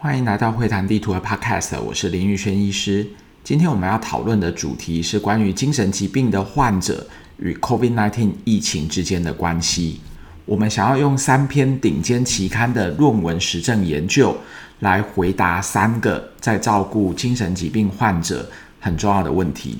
歡迎來到會談地圖的 Podcast，我是林玉軒醫師。今天我們要討論的主題是關於精神疾病的患者與 COVID-19 疫情之間的關係。我們想要用三篇頂尖期刊的論文實證研究來回答三個在照顧精神疾病患者很重要的問題。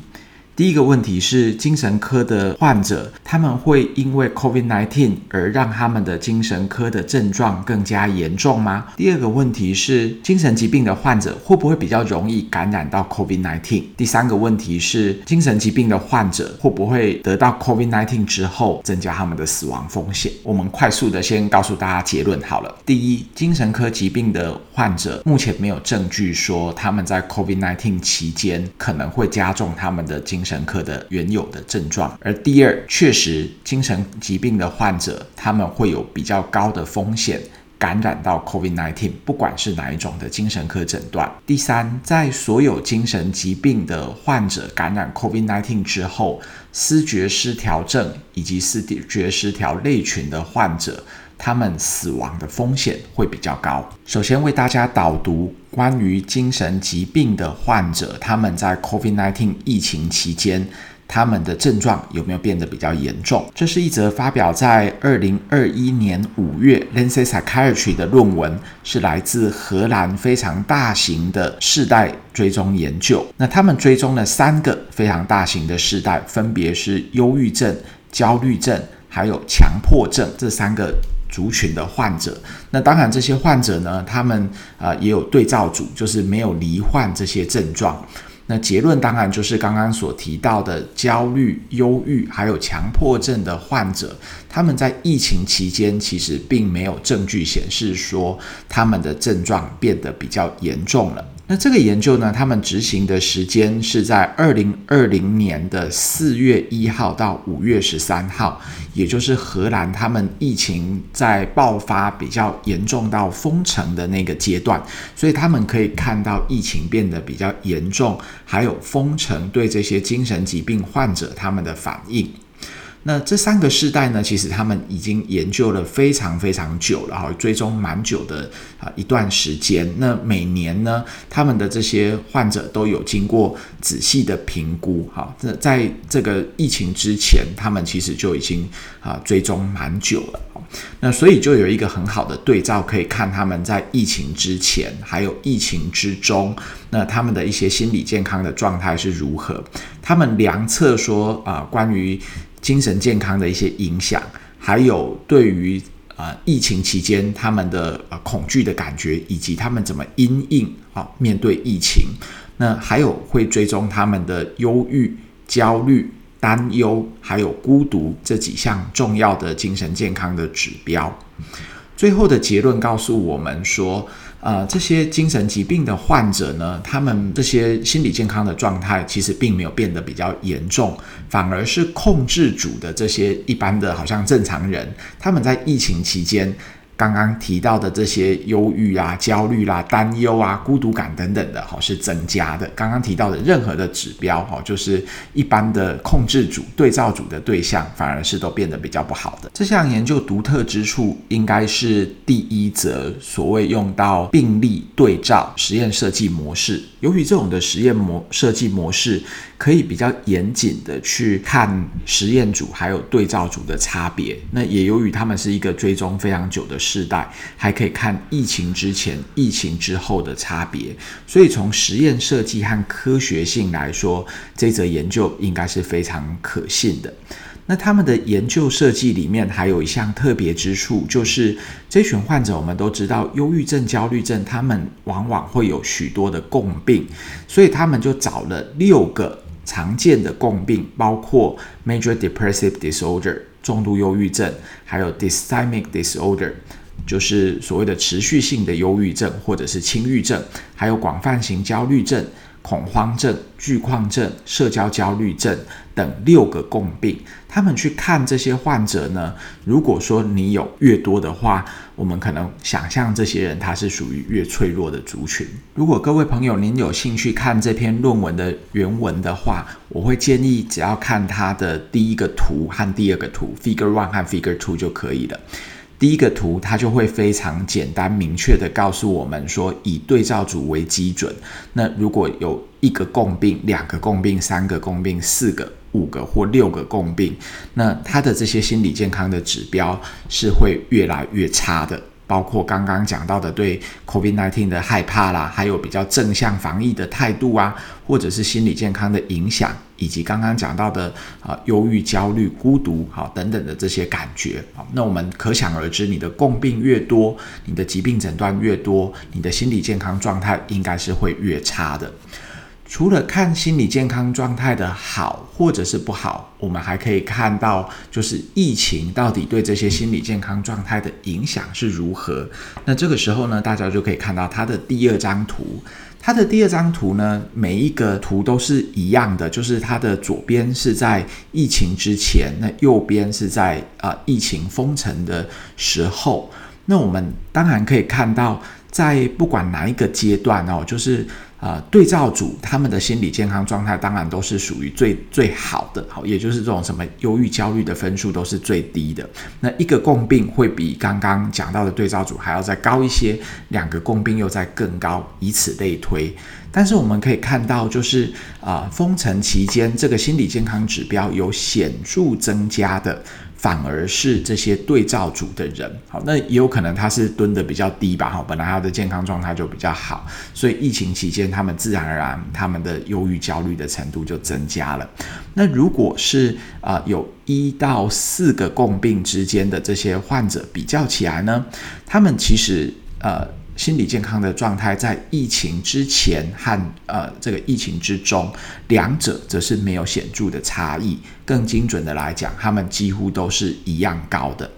第一個問題是精神科的患者，他們會因為 COVID-19 而讓他們的精神科的症狀更加嚴重嗎？第二個問題是精神疾病的患者會不會比較容易感染到 COVID-19？第三個問題是精神疾病的患者會不會得到 COVID-19 之後增加他們的死亡風險？我們快速的先告訴大家結論好了。第一，精神科疾病的患者目前沒有證據說他們在 COVID-19 期間可能會加重他們的精神。神科的原有的症狀，而第二，確實精神疾病的患者，他們會有比較高的風險感染到 COVID nineteen，不管是哪一種的精神科診斷。第三，在所有精神疾病的患者感染 COVID nineteen 之後，思覺失調症以及思覺失調類群的患者。他們死亡的風險會比較高。首先為大家導讀關於精神疾病的患者，他們在 COVID-19 疫情期間，他們的症狀有沒有變得比較嚴重？這是一則發表在2021年五月《Lancet Psychiatry》的論文，是來自荷蘭非常大型的世代追蹤研究。那他們追蹤了三個非常大型的世代，分別是憂鬱症、焦慮症，還有強迫症這三個族群的患者，那當然這些患者呢，他們啊、呃、也有對照組，就是沒有罹患這些症狀。那結論當然就是剛剛所提到的焦慮、憂鬱還有強迫症的患者，他們在疫情期間其實並沒有證據顯示說他們的症狀變得比較嚴重了。那這個研究呢，他們執行的時間是在二零二零年的四月一號到五月十三號，也就是荷蘭他們疫情在爆發比較嚴重到封城的那個階段，所以他們可以看到疫情變得比較嚴重，還有封城對這些精神疾病患者他們的反應。那這三個世代呢，其實他們已經研究了非常非常久了，哈，追蹤蠻久的啊，一段時間。那每年呢，他們的這些患者都有經過仔細的評估，哈、啊，在在這個疫情之前，他們其實就已經啊追蹤蠻久了。那所以就有一個很好的對照，可以看他們在疫情之前，還有疫情之中，那他們的一些心理健康的狀態是如何。他們量測說啊，關於精神健康的一些影響，還有對於、呃、疫情期間他們的、呃、恐懼的感覺，以及他們怎麼因應啊面對疫情，那還有會追蹤他們的憂鬱、焦慮、擔憂，還有孤獨這幾項重要的精神健康的指標。最後的結論告訴我們說，啊、呃，這些精神疾病的患者呢，他們這些心理健康的狀態其實並沒有變得比較嚴重，反而是控制組的這些一般的，好像正常人，他們在疫情期間，剛剛提到的這些憂鬱啊、焦慮啦、啊、擔憂啊、孤獨感等等的，哈，是增加的。剛剛提到的任何的指標，哈，就是一般的控制組、對照組的對象，反而是都變得比較不好的。這項研究獨特之處，應該是第一則所謂用到病例對照實驗設計模式。由於這種的實驗模設計模式，可以比較嚴謹的去看實驗組還有對照組的差別。那也由於他們是一個追蹤非常久的。世代還可以看疫情之前、疫情之後的差別，所以從實驗設計和科學性來說，這則研究應該是非常可信的。那他們的研究設計裡面還有一項特別之處，就是這群患者我們都知道，憂鬱症、焦慮症，他們往往會有許多的共病，所以他們就找了六個常見的共病，包括 major depressive disorder（ 重度憂鬱症）還有 dysthymic disorder。就是所謂的持續性的憂鬱症，或者是輕鬱症，還有廣泛型焦慮症、恐慌症、懼曠症、社交焦慮症等六個共病。他們去看這些患者呢，如果說你有越多的話，我們可能想象這些人他是屬於越脆弱的族群。如果各位朋友您有興趣看這篇論文的原文的話，我會建議只要看它的第一個圖和第二個圖 （Figure One 和 Figure Two） 就可以了。第一個圖，它就會非常簡單明確地告訴我們說，以對照組為基準，那如果有一個共病、兩個共病、三個共病、四個、五個或六個共病，那它的這些心理健康的指標是會越來越差的，包括剛剛講到的對 COVID-19 的害怕啦，還有比較正向防疫的態度啊，或者是心理健康的影響。以及剛剛講到的啊，憂鬱、焦慮、孤獨，好、啊、等等的這些感覺，好、啊，那我們可想而知，你的共病越多，你的疾病診斷越多，你的心理健康狀態應該是會越差的。除了看心理健康狀態的好或者是不好，我們還可以看到，就是疫情到底對這些心理健康狀態的影響是如何。那這個時候呢，大家就可以看到它的第二張圖。它的第二張圖呢，每一個圖都是一樣的，就是它的左邊是在疫情之前，那右邊是在呃疫情封城的時候。那我們當然可以看到，在不管哪一個階段哦，就是。啊、呃，對照組他們的心理健康狀態當然都是屬於最最好的，好，也就是這種什麼憂鬱、焦慮的分數都是最低的。那一個共病會比剛剛講到的對照組還要再高一些，兩個共病又再更高，以此類推。但是我們可以看到，就是啊、呃，封城期間這個心理健康指標有顯著增加的。反而是這些對照組的人，好，那也有可能他是蹲得比較低吧，哈，本來他的健康狀態就比較好，所以疫情期間他們自然而然他們的憂鬱焦慮的程度就增加了。那如果是啊、呃，有一到四個共病之間的這些患者比較起來呢，他們其實呃。心理健康的狀態在疫情之前和呃，這個疫情之中，兩者則是沒有顯著的差異。更精準的來講，他們幾乎都是一樣高的。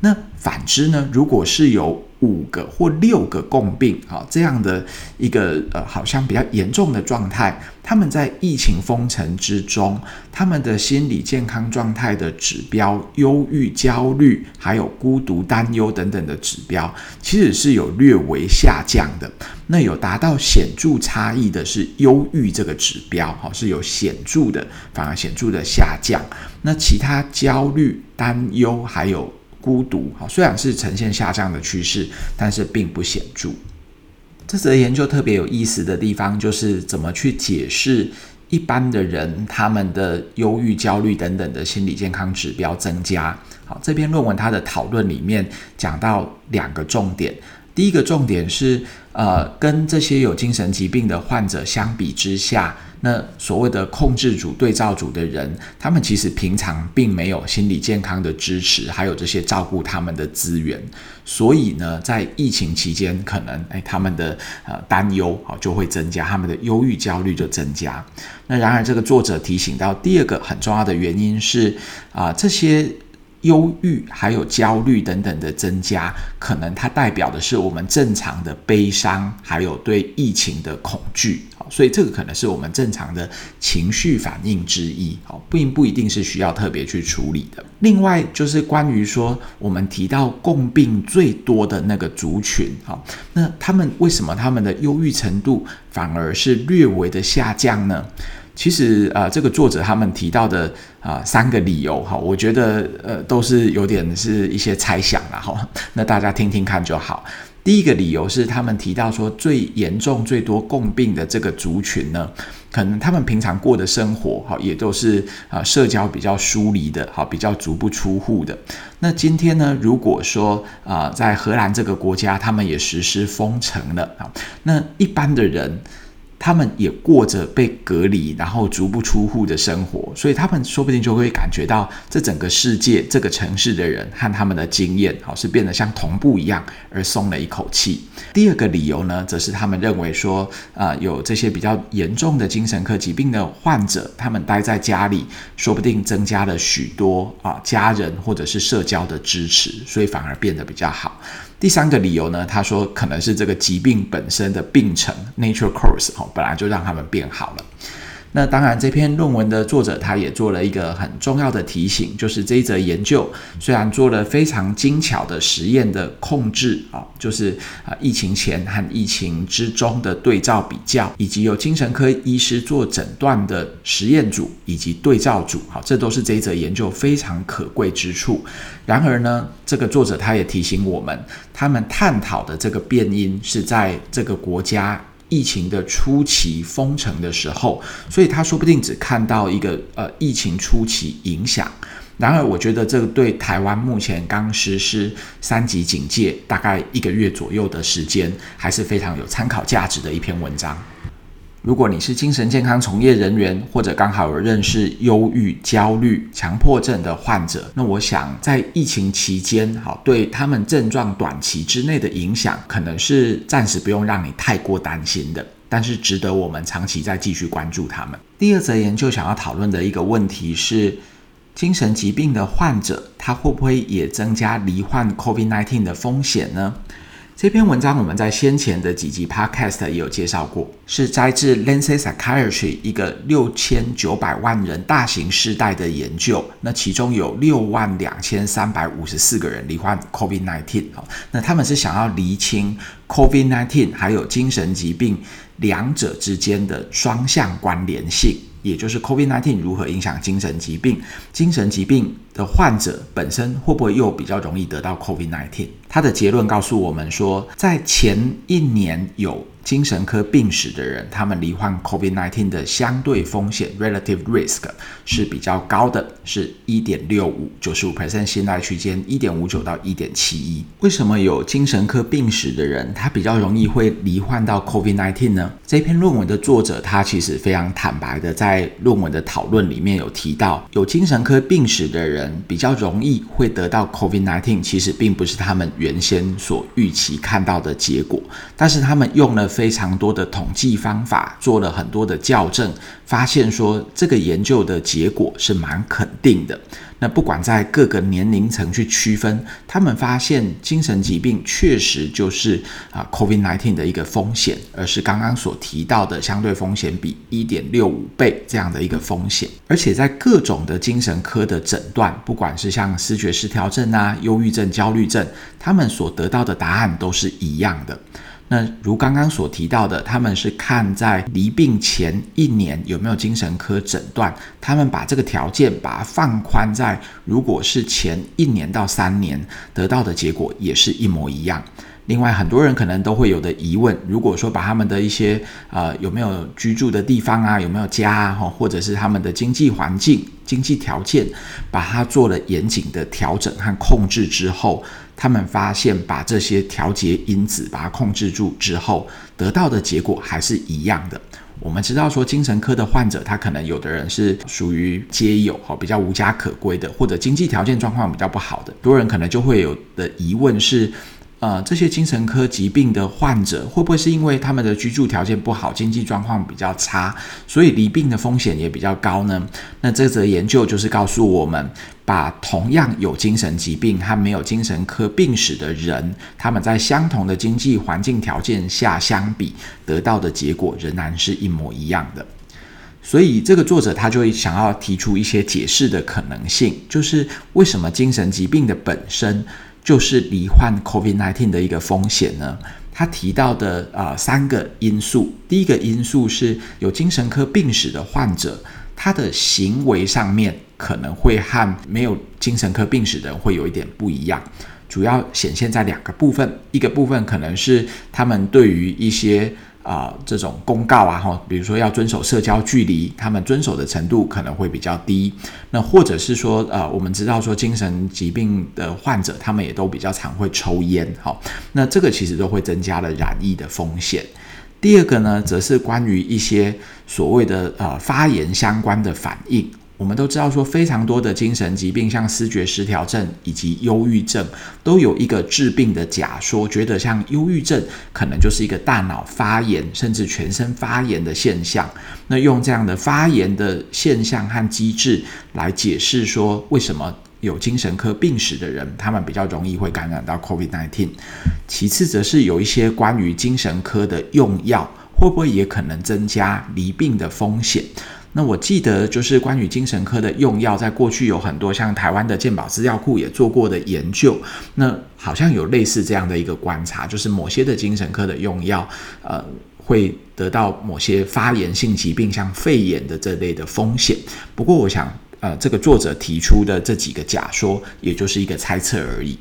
那反之呢？如果是有，五個或六個共病啊、哦，這樣的一個呃，好像比較嚴重的狀態，他們在疫情封城之中，他們的心理健康狀態的指標，憂鬱、焦慮，還有孤獨、擔憂等等的指標，其實是有略微下降的。那有達到顯著差異的是憂鬱這個指標，哈、哦，是有顯著的，反而顯著的下降。那其他焦慮、擔憂還有孤獨，好，雖然是呈現下降的趨勢，但是並不顯著。這則研究特別有意思的地方，就是怎麼去解釋一般的人他們的憂鬱、焦慮等等的心理健康指標增加。好，這篇論文它的討論裡面講到兩個重點。第一個重點是，呃，跟這些有精神疾病的患者相比之下，那所謂的控制組、對照組的人，他們其實平常並沒有心理健康的支持，還有這些照顧他們的資源，所以呢，在疫情期間，可能、欸、他們的呃擔憂啊就會增加，他們的憂鬱、焦慮就增加。那然而，這個作者提醒到，第二個很重要的原因是啊、呃、這些。憂鬱還有焦慮等等的增加，可能它代表的是我們正常的悲傷，還有對疫情的恐懼。所以這個可能是我們正常的情緒反應之一。好，並不一定是需要特別去處理的。另外，就是關於說我們提到共病最多的那個族群，那他們為什麼他們的憂鬱程度反而是略微的下降呢？其實呃，這個作者他們提到的啊、呃、三個理由哈、哦，我覺得呃都是有點是一些猜想了哈、哦。那大家聽聽看就好。第一個理由是他們提到說最嚴重、最多共病的這個族群呢，可能他們平常過的生活哈、哦，也都是呃社交比較疏離的，哈、哦，比較足不出戶的。那今天呢，如果說啊、呃、在荷蘭這個國家，他們也實施封城了啊、哦，那一般的人，他們也過着被隔離，然後足不出戶的生活，所以他們說不定就會感覺到這整個世界、這個城市的人和他們的經驗，好像是變得像同步一樣，而鬆了一口氣。第二個理由呢，則是他們認為說，啊、呃，有這些比較嚴重的精神科疾病的患者，他們待在家裡，說不定增加了許多啊家人或者是社交的支持，所以反而變得比較好。第三個理由呢，他說，可能是這個疾病本身的病程 （nature course） 哦，本來就讓他們變好了。那當然，這篇論文的作者他也做了一個很重要的提醒，就是這一則研究雖然做了非常精巧的實驗的控制啊，就是啊疫情前和疫情之中的對照比較，以及有精神科醫師做診斷的實驗組以及對照組，好，這都是這一則研究非常可貴之處。然而呢，這個作者他也提醒我們，他們探討的這個變因是在這個國家。疫情的初期封城的時候，所以他說不定只看到一個呃疫情初期影響。然而，我覺得這個對台灣目前剛實施三級警戒，大概一個月左右的時間，還是非常有參考價值的一篇文章。如果你是精神健康從業人員，或者剛好有認識憂鬱、焦慮、強迫症的患者，那我想在疫情期間，好對他們症狀短期之內的影響，可能是暫時不用讓你太過擔心的。但是值得我們長期再繼續關注他們。第二則研究想要討論的一個問題是，精神疾病的患者他會不會也增加罹患 COVID-19 的風險呢？這篇文章我們在先前的幾集 podcast 也有介紹過。是摘自 Lancet Psychiatry 一個六千九百萬人大型世代的研究，那其中有六萬兩千三百五十四個人罹患 COVID nineteen，那他們是想要釐清 COVID nineteen 還有精神疾病兩者之間的雙向關聯性，也就是 COVID nineteen 如何影響精神疾病，精神疾病的患者本身會不會又比較容易得到 COVID nineteen？他的結論告訴我們說，在前一年有。精神科病史的人，他們罹患 COVID-19 的相對風險 (relative risk) 是比較高的，是1.65，95%信賴區間1.59到1.71。為什麼有精神科病史的人，他比較容易會罹患到 COVID-19 呢？這篇論文的作者他其實非常坦白的在論文的討論裡面有提到，有精神科病史的人比較容易會得到 COVID-19，其實並不是他們原先所預期看到的結果，但是他們用了，非常多的統計方法做了很多的校正，發現說這個研究的結果是蠻肯定的。那不管在各個年齡層去區分，他們發現精神疾病確實就是啊 COVID nineteen 的一個風險，而是剛剛所提到的相對風險比一點六五倍這樣的一個風險。而且在各種的精神科的診斷，不管是像思覺失調症啊、憂鬱症、焦慮症，他們所得到的答案都是一樣的。那如剛剛所提到的，他們是看在罹病前一年有沒有精神科診斷，他們把這個條件把它放寬在，如果是前一年到三年得到的結果也是一模一樣。另外，很多人可能都會有的疑問，如果說把他們的一些呃有沒有居住的地方啊，有沒有家啊，或者是他們的經濟環境、經濟條件，把它做了嚴謹的調整和控制之後。他們發現，把這些調節因子把它控制住之後，得到的結果還是一樣的。我們知道說，精神科的患者，他可能有的人是屬於街友哈，比較無家可歸的，或者經濟條件狀況比較不好的。很多人可能就會有的疑問是，呃，這些精神科疾病的患者，會不會是因為他們的居住條件不好，經濟狀況比較差，所以罹病的風險也比較高呢？那這則研究就是告訴我們，把同樣有精神疾病和沒有精神科病史的人，他們在相同的經濟環境條件下相比，得到的結果仍然是一模一樣的。所以，這個作者他就會想要提出一些解釋的可能性，就是為什麼精神疾病的本身就是罹患 COVID-19 的一個風險呢？他提到的啊、呃、三個因素，第一個因素是有精神科病史的患者。他的行為上面可能會和沒有精神科病史的人會有一點不一樣，主要顯現在兩個部分，一個部分可能是他們對於一些啊、呃、這種公告啊，哈、哦，比如說要遵守社交距離，他們遵守的程度可能會比較低，那或者是說，呃，我們知道說精神疾病的患者，他們也都比較常會抽菸，哈、哦，那這個其實都會增加了染疫的風險。第二個呢，則是關於一些所謂的呃發炎相關的反應。我們都知道，說非常多的精神疾病，像思覺失調症以及憂鬱症，都有一個致病的假說，覺得像憂鬱症可能就是一個大腦發炎，甚至全身發炎的現象。那用這樣的發炎的現象和機制來解釋說為什麼。有精神科病史的人，他們比較容易會感染到 COVID-19，其次，則是有一些關於精神科的用藥，會不會也可能增加罹病的風險？那我記得，就是關於精神科的用藥，在過去有很多像台灣的健保資料庫也做過的研究，那好像有類似這樣的一個觀察，就是某些的精神科的用藥，呃，會得到某些發炎性疾病，像肺炎的這類的風險。不過，我想。呃，這個作者提出的這幾個假說，也就是一個猜測而已。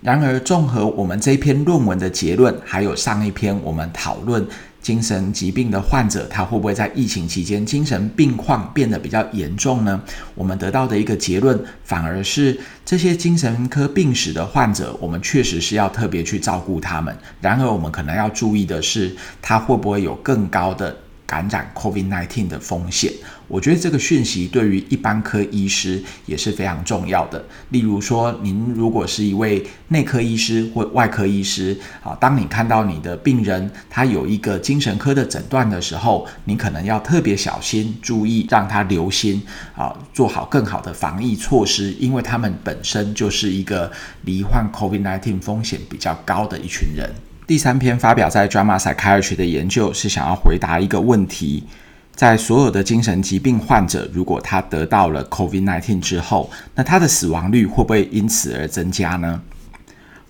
然而，綜合我們這篇論文的結論，還有上一篇我們討論精神疾病的患者，他會不會在疫情期間精神病況變得比較嚴重呢？我們得到的一個結論，反而是這些精神科病史的患者，我們確實是要特別去照顧他們。然而，我們可能要注意的是，他會不會有更高的感染 COVID-19 的風險，我覺得這個訊息對於一般科醫師也是非常重要的。例如說，您如果是一位內科醫師或外科醫師，啊，當你看到你的病人他有一個精神科的診斷的時候，你可能要特別小心，注意讓他留心。啊，做好更好的防疫措施，因為他們本身就是一個罹患 COVID-19 風險比較高的一群人。第三篇發表在《JAMA Psychiatry》的研究是想要回答一個問題：在所有的精神疾病患者，如果他得到了 COVID-19 之後，那他的死亡率會不會因此而增加呢？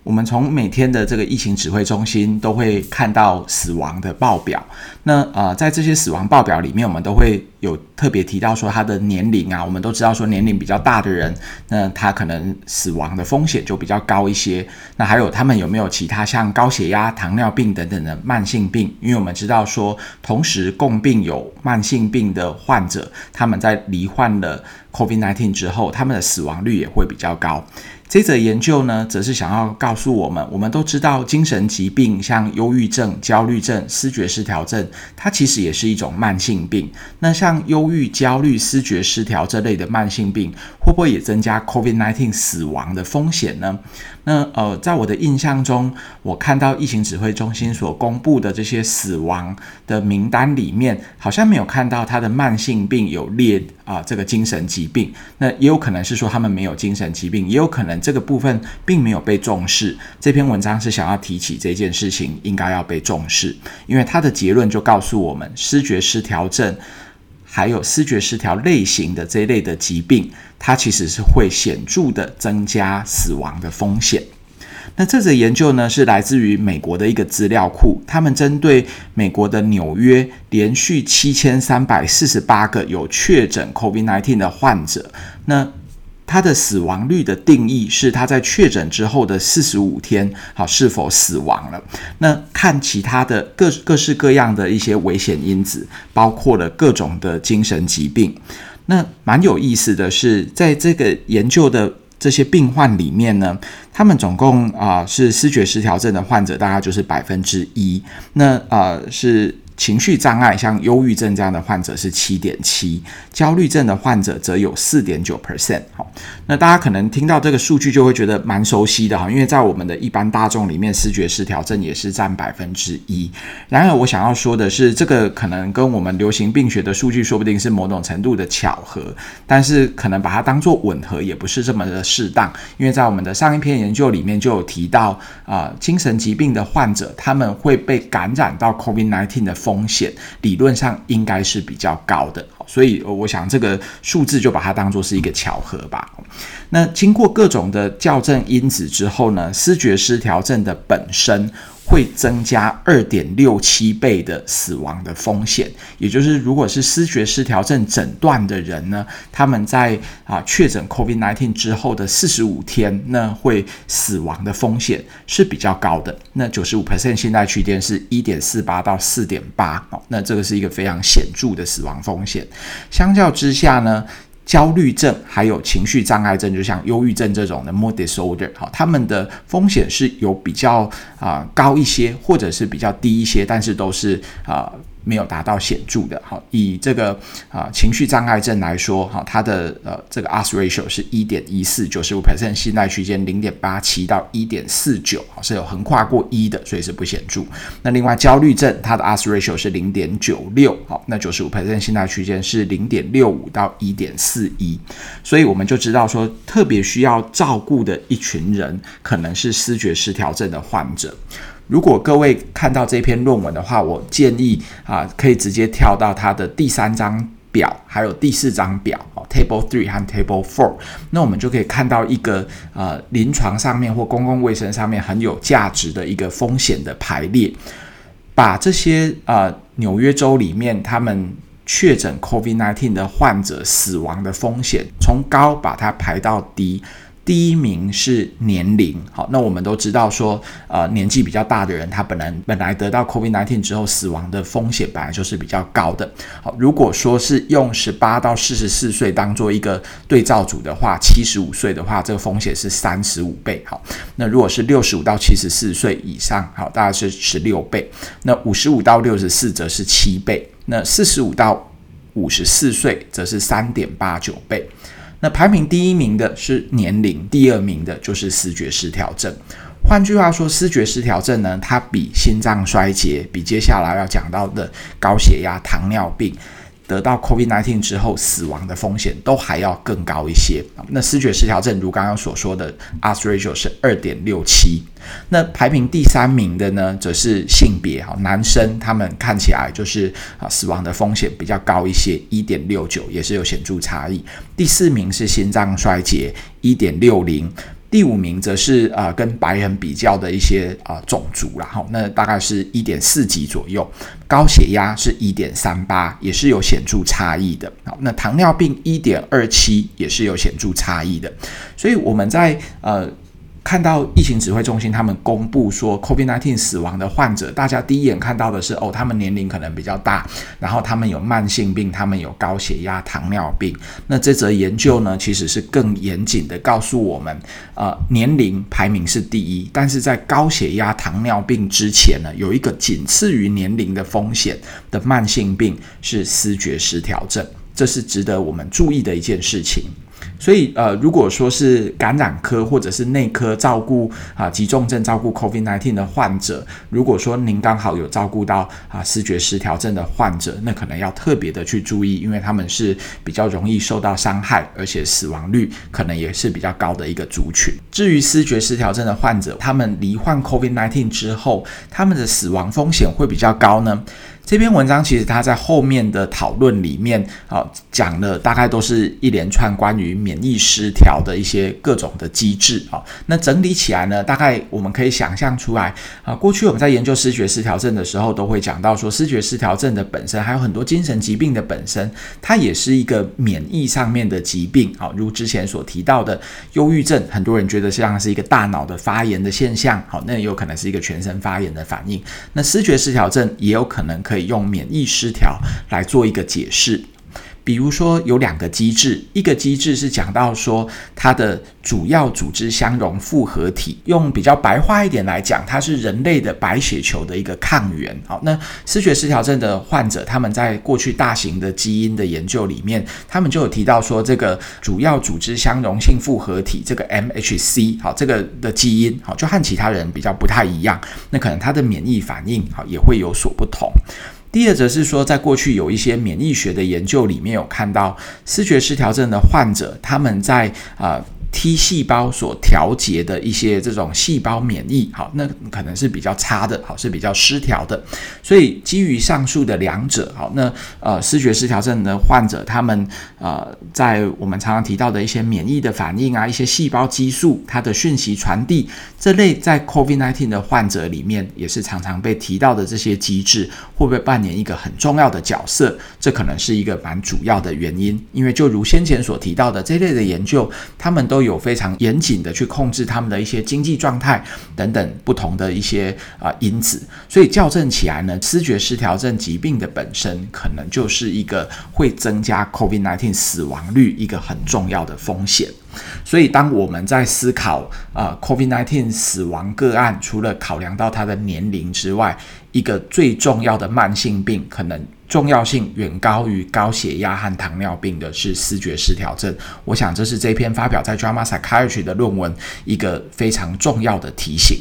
我們從每天的這個疫情指揮中心都會看到死亡的報表。那呃，在這些死亡報表裡面，我們都會有特別提到說他的年齡啊。我們都知道說年齡比較大的人，那他可能死亡的風險就比較高一些。那還有他們有沒有其他像高血壓、糖尿病等等的慢性病？因為我們知道說，同時共病有慢性病的患者，他們在罹患了 COVID-19 之後，他們的死亡率也會比較高。這則研究呢，則是想要告訴我們，我們都知道精神疾病，像憂鬱症、焦慮症、思覺失調症，它其實也是一種慢性病。那像憂鬱、焦慮、思覺失調這類的慢性病，會不會也增加 COVID-19 死亡的風險呢？那呃，在我的印象中，我看到疫情指揮中心所公布的這些死亡的名單裡面，好像沒有看到他的慢性病有列啊、呃，這個精神疾病。那也有可能是說他們沒有精神疾病，也有可能這個部分並沒有被重視。這篇文章是想要提起這件事情應該要被重視，因為他的結論就告訴我們，思覺失調症。還有思覺失調類型的這一類的疾病，它其實是會顯著的增加死亡的風險。那這則研究呢，是來自於美國的一個資料庫，他們針對美國的紐約連續七千三百四十八個有確診 COVID-19 的患者，那，他的死亡率的定義是，他在確診之後的四十五天，好、啊、是否死亡了？那看其他的各各式各樣的一些危險因子，包括了各種的精神疾病。那蠻有意思的是，在這個研究的這些病患裡面呢，他們總共啊、呃、是思覺失調症的患者，大概就是百分之一。那啊、呃、是。情緒障礙，像憂鬱症這樣的患者是七點七，焦慮症的患者則有四點九 percent。好，那大家可能聽到這個數據就會覺得蠻熟悉的哈，因為在我們的一般大眾裡面，思覺失調症也是占百分之一。然而，我想要說的是，這個可能跟我們流行病學的數據說不定是某種程度的巧合，但是可能把它當作吻合也不是這麼的適當，因為在我們的上一篇研究裡面就有提到啊、呃，精神疾病的患者他們會被感染到 COVID-19 的風。風險理論上應該是比較高的，所以我想這個數字就把它當做是一個巧合吧。那經過各種的校正因子之後呢，思覺失調症的本身會增加。二點六七倍的死亡的風險，也就是如果是思覺失調症診斷的人呢，他們在啊確診 COVID nineteen 之後的四十五天，那會死亡的風險是比較高的。那九十五 percent 信賴區間是一點四八到四點八哦，那這個是一個非常顯著的死亡風險。相較之下呢。焦慮症，還有情緒障礙症，就像憂鬱症這種的 mood disorder，好，他們的風險是有比較啊、呃、高一些，或者是比較低一些，但是都是啊。呃沒有達到顯著的。好，以這個啊、呃、情緒障礙症來說，好，它的呃這個 odds ratio 是一點一四，九十五 percent 信賴區間零點八七到一點四九，是有橫跨過一的，所以是不顯著。那另外焦慮症，它的 odds ratio 是零點九六，好，那九十五 percent 信賴區間是零點六五到一點四一，所以我們就知道說，特別需要照顧的一群人，可能是思覺失調症的患者。如果各位看到這篇論文的話，我建議啊、呃、可以直接跳到它的第三張表，還有第四張表、哦、Table Three 和 Table Four，那我們就可以看到一個呃臨床上面或公共衛生上面很有價值的一個風險的排列，把這些呃紐約州裡面他們確診 COVID-19 的患者死亡的風險從高把它排到低。第一名是年齡，好，那我們都知道說，呃，年紀比較大的人，他本來本來得到 COVID-19 之後死亡的風險本來就是比較高的，好，如果說是用十八到四十四歲當做一個對照組的話，七十五歲的話，這個風險是三十五倍，好，那如果是六十五到七十四歲以上，好，大概是十六倍，那五十五到六十四則是七倍，那四十五到五十四歲則是三點八九倍。那排名第一名的是年齡，第二名的就是思覺失調症。換句話說，思覺失調症呢，它比心臟衰竭，比接下來要講到的高血壓、糖尿病，得到 COVID-19 之後，死亡的風險都還要更高一些。那思覺失調症，如剛剛所說的，odds ratio 是二點六七。那排名第三名的呢，則是性別，哈，男生他們看起來就是啊，死亡的風險比較高一些，一點六九，也是有顯著差異。第四名是心臟衰竭，一點六零。第五名則是呃跟白人比較的一些啊、呃、種族啦，齁，然後那大概是一點四幾左右，高血壓是一點三八，也是有顯著差異的，那糖尿病一點二七也是有顯著差異的，所以我們在呃，看到疫情指揮中心他們公布說，COVID-19 死亡的患者，大家第一眼看到的是哦，他們年齡可能比較大，然後他們有慢性病，他們有高血壓、糖尿病。那這則研究呢，其實是更嚴謹的告訴我們，呃，年齡排名是第一，但是在高血壓、糖尿病之前呢，有一個僅次於年齡的風險的慢性病是思覺失調症，這是值得我們注意的一件事情。所以，呃，如果說是感染科或者是內科照顧啊、呃，急重症照顧 COVID-19 的患者，如果說您剛好有照顧到啊，思、呃、覺失調症的患者，那可能要特別的去注意，因為他們是比較容易受到傷害，而且死亡率可能也是比較高的一個族群。至於思覺失調症的患者，他們罹患 COVID-19 之後，他們的死亡風險會比較高呢？這篇文章其實它在後面的討論裡面啊，講的大概都是一連串關於免疫失調的一些各種的機制啊。那整理起來呢，大概我們可以想象出來啊。過去我們在研究思覺失調症的時候，都會講到說，思覺失調症的本身還有很多精神疾病的本身，它也是一個免疫上面的疾病啊。如之前所提到的，憂鬱症，很多人覺得像是一個大腦的發炎的現象，好、啊，那也有可能是一個全身發炎的反應。那思覺失調症也有可能，可以用免疫失調來做一個解釋。比如說有兩個機制，一個機制是講到說它的主要組織相容複合體，用比較白話一點來講，它是人類的白血球的一個抗原。好，那思覺失調症的患者，他們在過去大型的基因的研究裡面，他們就有提到說這個主要組織相容性複合體這個 MHC，好，這個的基因好就和其他人比較不太一樣，那可能它的免疫反應好也會有所不同。第二則是說，在過去有一些免疫學的研究裡面，有看到思覺失調症的患者，他們在啊。呃 T 細胞所調節的一些這種細胞免疫，好，那可能是比較差的，好，是比較失調的。所以基於上述的兩者，好，那呃思覺失調症的患者，他們呃在我們常常提到的一些免疫的反應啊，一些細胞激素，它的訊息傳遞這類在 COVID-19 的患者裡面也是常常被提到的這些機制，會不會扮演一個很重要的角色？這可能是一個蠻主要的原因，因為就如先前所提到的這類的研究，他們都有非常嚴謹的去控制他們的一些經濟狀態等等不同的一些啊因子，所以校正起來呢，思覺失調症疾病的本身可能就是一個會增加 COVID nineteen 死亡率一個很重要的風險。所以當我們在思考啊 COVID nineteen 死亡個案，除了考量到他的年齡之外，一個最重要的慢性病可能。重要性遠高於高血壓和糖尿病的是思覺失調症。我想這是這篇發表在《JAMA Psychiatry》的論文一個非常重要的提醒。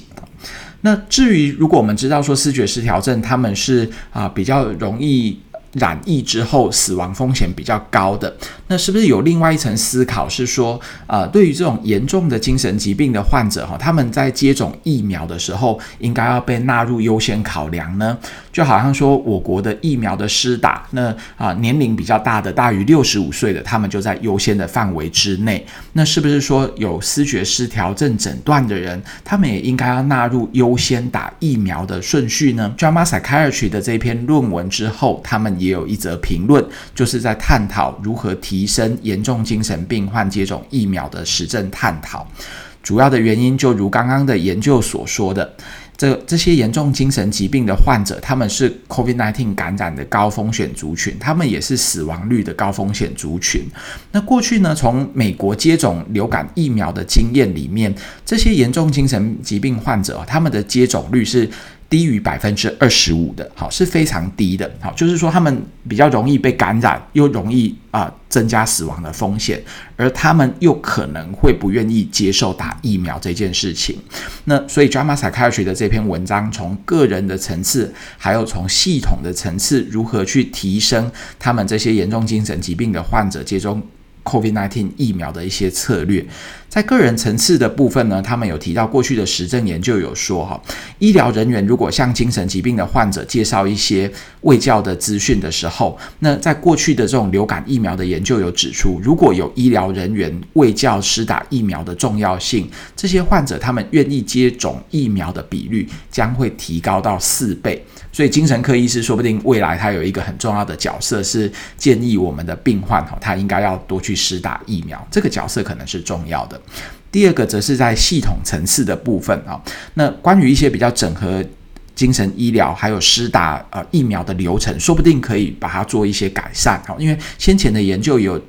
那至於如果我們知道說思覺失調症，他們是啊、呃、比較容易。染疫之後死亡風險比較高的，那是不是有另外一層思考？是說，呃，對於這種嚴重的精神疾病的患者哈、哦，他們在接種疫苗的時候，應該要被納入優先考量呢？就好像說，我國的疫苗的施打，那啊、呃，年齡比較大的，大於六十五歲的，他們就在優先的範圍之內。那是不是說，有思覺失調症診斷的人，他們也應該要納入優先打疫苗的順序呢？JAMA Psychiatry 的這篇論文之後，他們。也有一則評論，就是在探討如何提升嚴重精神病患接種疫苗的實證探討。主要的原因就如剛剛的研究所說的，這這些嚴重精神疾病的患者，他們是 COVID-19 感染的高風險族群，他們也是死亡率的高風險族群。那過去呢，從美國接種流感疫苗的經驗裡面，這些嚴重精神疾病患者，他們的接種率是。低於百分之二十五的。好，是非常低的，好，就是說他們比較容易被感染，又容易啊、呃、增加死亡的風險，而他們又可能會不願意接受打疫苗這件事情。那所以 JAMA Psychiatry 的這篇文章，從個人的層次，還有從系統的層次，如何去提升他們這些嚴重精神疾病的患者接種。COVID-19 疫苗的一些策略，在個人層次的部分呢，他們有提到過去的實證研究有說哈，醫療人員如果向精神疾病的患者介紹一些衛教的資訊的時候，那在過去的這種流感疫苗的研究有指出，如果有醫療人員衛教施打疫苗的重要性，這些患者他們願意接種疫苗的比率將會提高到四倍。所以精神科醫師說不定未來他有一個很重要的角色，是建議我們的病患吼，他應該要多去施打疫苗，這個角色可能是重要的。第二個則是在系統層次的部分啊，那關於一些比較整合精神醫療還有施打呃疫苗的流程，說不定可以把它做一些改善，因為先前的研究有。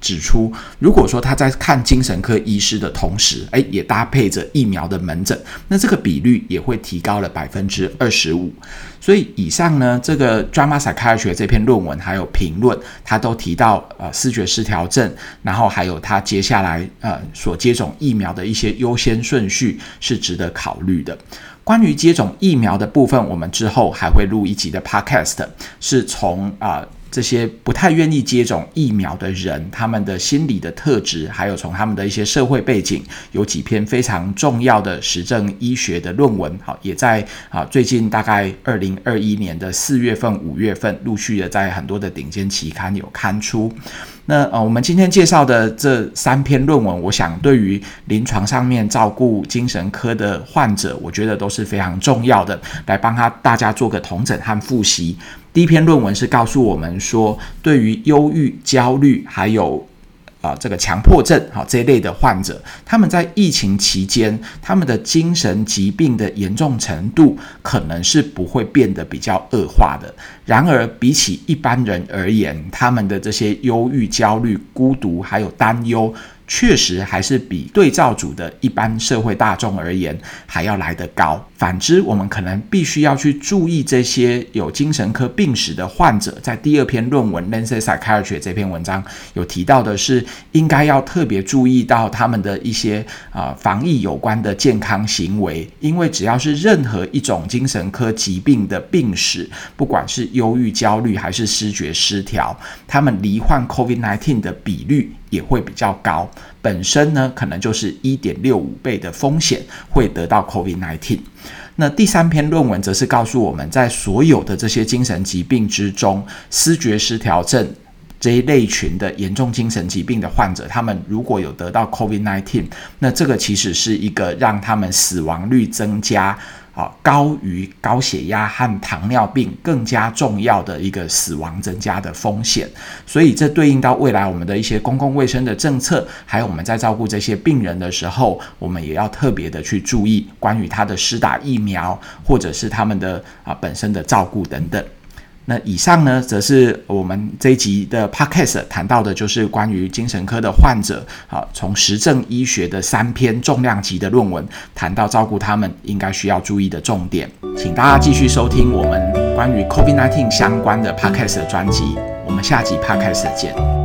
指出，如果說他在看精神科醫師的同時誒，也搭配着疫苗的門診，那這個比率也會提高了百分之二十五。所以，以上呢，這個 JAMA Psychiatry 這篇論文還有評論，他都提到呃，思覺失調症，然後還有他接下來呃所接種疫苗的一些優先順序是值得考慮的。關於接種疫苗的部分，我們之後還會錄一集的 Podcast，是從啊。呃這些不太願意接種疫苗的人，他們的心理的特質，還有從他們的一些社會背景，有幾篇非常重要的實證醫學的論文，好，也在啊最近大概二零二一年的四月份、五月份陸續的在很多的頂尖期刊有刊出。那呃、哦，我們今天介紹的這三篇論文，我想對於臨床上面照顧精神科的患者，我覺得都是非常重要的，來幫他大家做個統整和複習。第一篇論文是告訴我們說，對於憂鬱、焦慮還有。啊，這個強迫症，好、啊、這一類的患者，他們在疫情期間，他們的精神疾病的嚴重程度可能是不會變得比較惡化的。然而，比起一般人而言，他們的這些憂鬱、焦慮、孤獨還有擔憂。確實還是比對照組的一般社會大眾而言還要來得高。反之，我們可能必須要去注意這些有精神科病史的患者。在第二篇論文《Lancet Psychiatry》這篇文章有提到的是，應該要特別注意到他們的一些啊防疫有關的健康行為，因為只要是任何一種精神科疾病的病史，不管是憂鬱、焦慮還是思覺失調，他們罹患 COVID-19 的比率，也會比較高，本身呢可能就是一點六五倍的風險會得到 COVID nineteen。那第三篇論文則是告訴我們，在所有的這些精神疾病之中，思覺失調症這一類群的嚴重精神疾病的患者，他們如果有得到 COVID nineteen，那這個其實是一個讓他們死亡率增加。啊，高於高血壓和糖尿病更加重要的一個死亡增加的風險，所以這對應到未來我們的一些公共衛生的政策，還有我們在照顧這些病人的時候，我們也要特別的去注意關於他的施打疫苗，或者是他們的啊本身的照顧等等。那以上呢，則是我們這一集的 podcast 談到的，就是關於精神科的患者，啊，從實證醫學的三篇重量級的論文談到照顧他們應該需要注意的重點，請大家繼續收聽我們關於 COVID-19 相關的 podcast 專輯，我們下集 podcast 見。